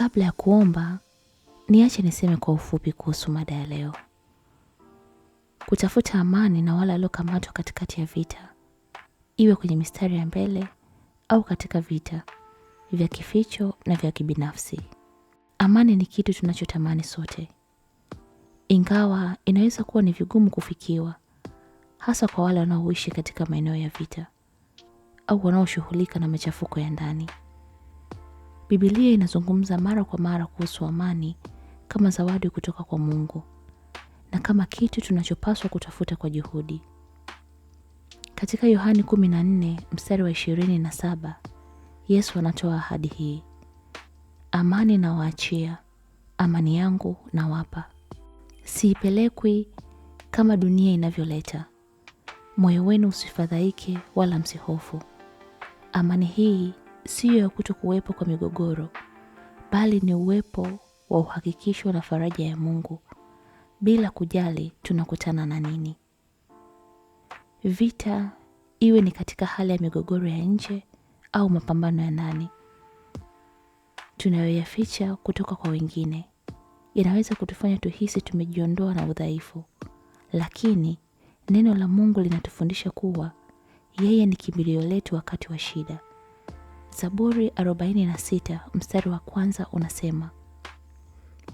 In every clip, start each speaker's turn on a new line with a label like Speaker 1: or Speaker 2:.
Speaker 1: Kabla ya kuomba, niache niseme kwa ufupi kuhusu mada ya leo. Kutafuta amani na wale waliokamatwa katikati ya vita, iwe kwenye mistari ya mbele au katika vita vya kificho na vya kibinafsi. Amani ni kitu tunachotamani sote, ingawa inaweza kuwa ni vigumu kufikiwa, hasa kwa wale wanaoishi katika maeneo ya vita au wanaoshughulika na machafuko ya ndani. Biblia inazungumza mara kwa mara kuhusu amani kama zawadi kutoka kwa Mungu na kama kitu tunachopaswa kutafuta kwa juhudi. Katika Yohani 14 mstari wa 27, Yesu anatoa ahadi hii: amani nawaachia, amani yangu nawapa, siipelekwi kama dunia inavyoleta. Moyo wenu usifadhaike wala msihofu. Amani hii siyo ya kuto kuwepo kwa migogoro, bali ni uwepo wa uhakikisho na faraja ya Mungu bila kujali tunakutana na nini. Vita iwe ni katika hali ya migogoro ya nje au mapambano ya ndani tunayoyaficha kutoka kwa wengine, inaweza kutufanya tuhisi tumejiondoa na udhaifu, lakini neno la Mungu linatufundisha kuwa yeye ni kimbilio letu wakati wa shida. Zaburi 46 mstari wa kwanza unasema,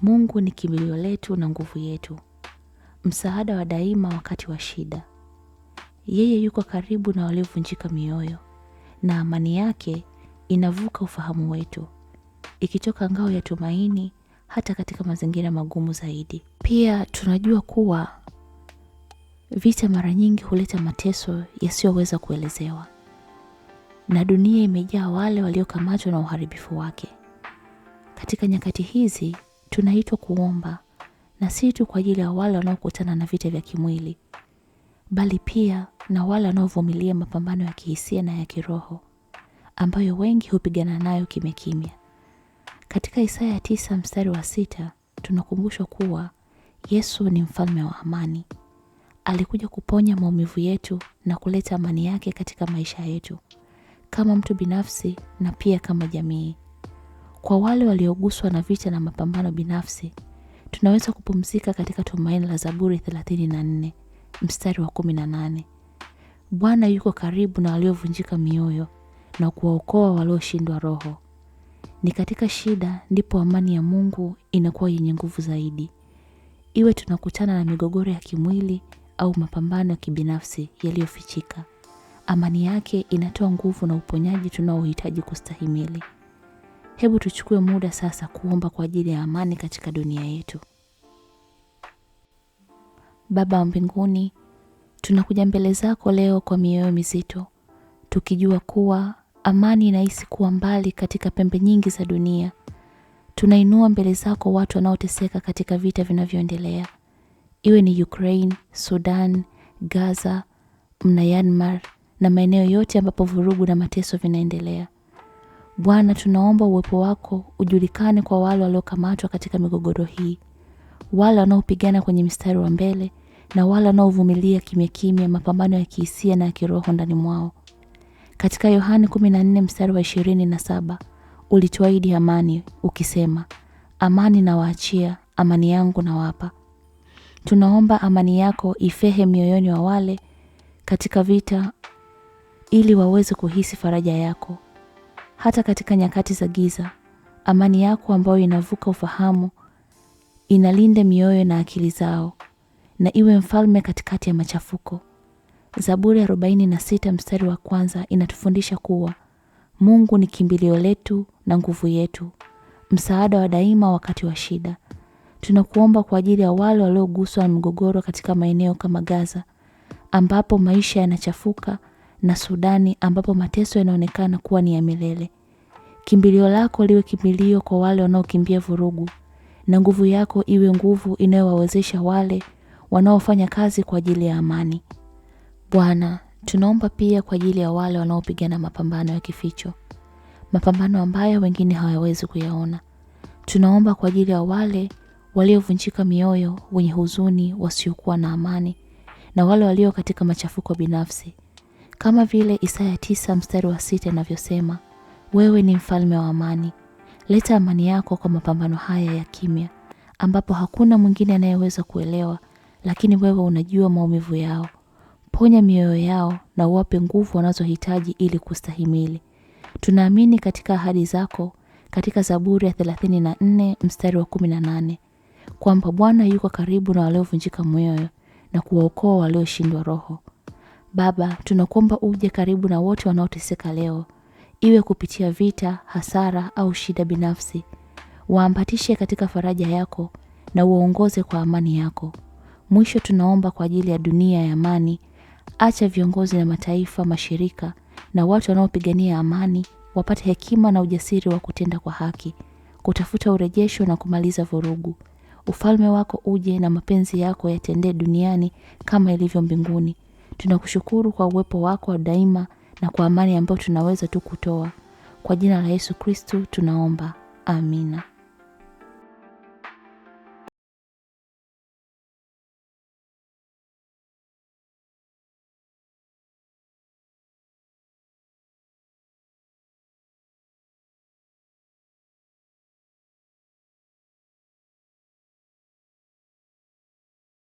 Speaker 1: Mungu ni kimbilio letu na nguvu yetu, msaada wa daima wakati wa shida. Yeye yuko karibu na waliovunjika mioyo, na amani yake inavuka ufahamu wetu, ikitoka ngao ya tumaini hata katika mazingira magumu zaidi. Pia tunajua kuwa vita mara nyingi huleta mateso yasiyoweza kuelezewa na dunia imejaa wale waliokamatwa na uharibifu wake. Katika nyakati hizi tunaitwa kuomba, na si tu kwa ajili ya wale wanaokutana na vita vya kimwili, bali pia na wale wanaovumilia mapambano ya kihisia na ya kiroho ambayo wengi hupigana nayo kimya kimya. Katika Isaya tisa mstari wa sita tunakumbushwa kuwa Yesu ni mfalme wa amani. Alikuja kuponya maumivu yetu na kuleta amani yake katika maisha yetu kama mtu binafsi na pia kama jamii. Kwa wale walioguswa na vita na mapambano binafsi, tunaweza kupumzika katika tumaini la Zaburi 34 mstari wa 18. Bwana yuko karibu na waliovunjika mioyo na kuwaokoa walioshindwa roho. Ni katika shida ndipo amani ya Mungu inakuwa yenye nguvu zaidi. Iwe tunakutana na migogoro ya kimwili au mapambano ya kibinafsi yaliyofichika. Amani yake inatoa nguvu na uponyaji tunaohitaji kustahimili. Hebu tuchukue muda sasa kuomba kwa ajili ya amani katika dunia yetu.
Speaker 2: Baba wa mbinguni, tunakuja mbele zako leo kwa mioyo mizito, tukijua kuwa amani inahisi kuwa mbali katika pembe nyingi za dunia. Tunainua mbele zako watu wanaoteseka katika vita vinavyoendelea, iwe ni Ukraine, Sudan, Gaza, Myanmar na maeneo yote ambapo vurugu na mateso vinaendelea. Bwana, tunaomba uwepo wako ujulikane kwa wale waliokamatwa katika migogoro hii, wale wanaopigana kwenye mstari wa mbele na wale wanaovumilia kimya kimya mapambano ya kihisia na ya kiroho ndani mwao. Katika Yohani 14 mstari wa 27 ulituahidi amani ukisema, amani nawaachia, amani yangu nawapa. Tunaomba amani yako ifehe mioyoni wa wale katika vita ili waweze kuhisi faraja yako hata katika nyakati za giza. Amani yako ambayo inavuka ufahamu inalinde mioyo na akili zao, na iwe mfalme katikati ya machafuko. Zaburi ya 46 mstari wa kwanza inatufundisha kuwa Mungu ni kimbilio letu na nguvu yetu, msaada wa daima wakati wa shida. Tunakuomba kwa ajili ya wale walioguswa na mgogoro katika maeneo kama Gaza, ambapo maisha yanachafuka na Sudani ambapo mateso yanaonekana kuwa ni ya milele. Kimbilio lako liwe kimbilio kwa wale wanaokimbia vurugu, na nguvu yako iwe nguvu inayowawezesha wale wanaofanya kazi kwa ajili ya amani. Bwana, tunaomba pia kwa ajili ya wale wanaopigana mapambano ya kificho, mapambano ambayo wengine hawawezi kuyaona. Tunaomba kwa ajili ya wale waliovunjika mioyo, wenye huzuni, wasiokuwa na amani, na wale walio katika machafuko binafsi kama vile Isaya tisa mstari wa sita inavyosema, wewe ni mfalme wa amani. Leta amani yako kwa mapambano haya ya kimya, ambapo hakuna mwingine anayeweza kuelewa, lakini wewe unajua maumivu yao. Ponya mioyo yao na uwape nguvu wanazohitaji ili kustahimili. Tunaamini katika ahadi zako katika Zaburi ya 34 mstari wa 18 kwamba Bwana yuko karibu na waliovunjika moyo na kuwaokoa walioshindwa roho. Baba, tunakuomba uje karibu na wote wanaoteseka leo, iwe kupitia vita, hasara au shida binafsi. Waambatishe katika faraja yako na uongoze kwa amani yako. Mwisho tunaomba kwa ajili ya dunia ya amani. Acha viongozi na mataifa, mashirika na watu wanaopigania amani wapate hekima na ujasiri wa kutenda kwa haki, kutafuta urejesho na kumaliza vurugu. Ufalme wako uje na mapenzi yako yatendee duniani kama ilivyo mbinguni. Tunakushukuru kwa uwepo wako wa daima na kwa amani ambayo tunaweza tu kutoa. Kwa jina la Yesu Kristo tunaomba, amina.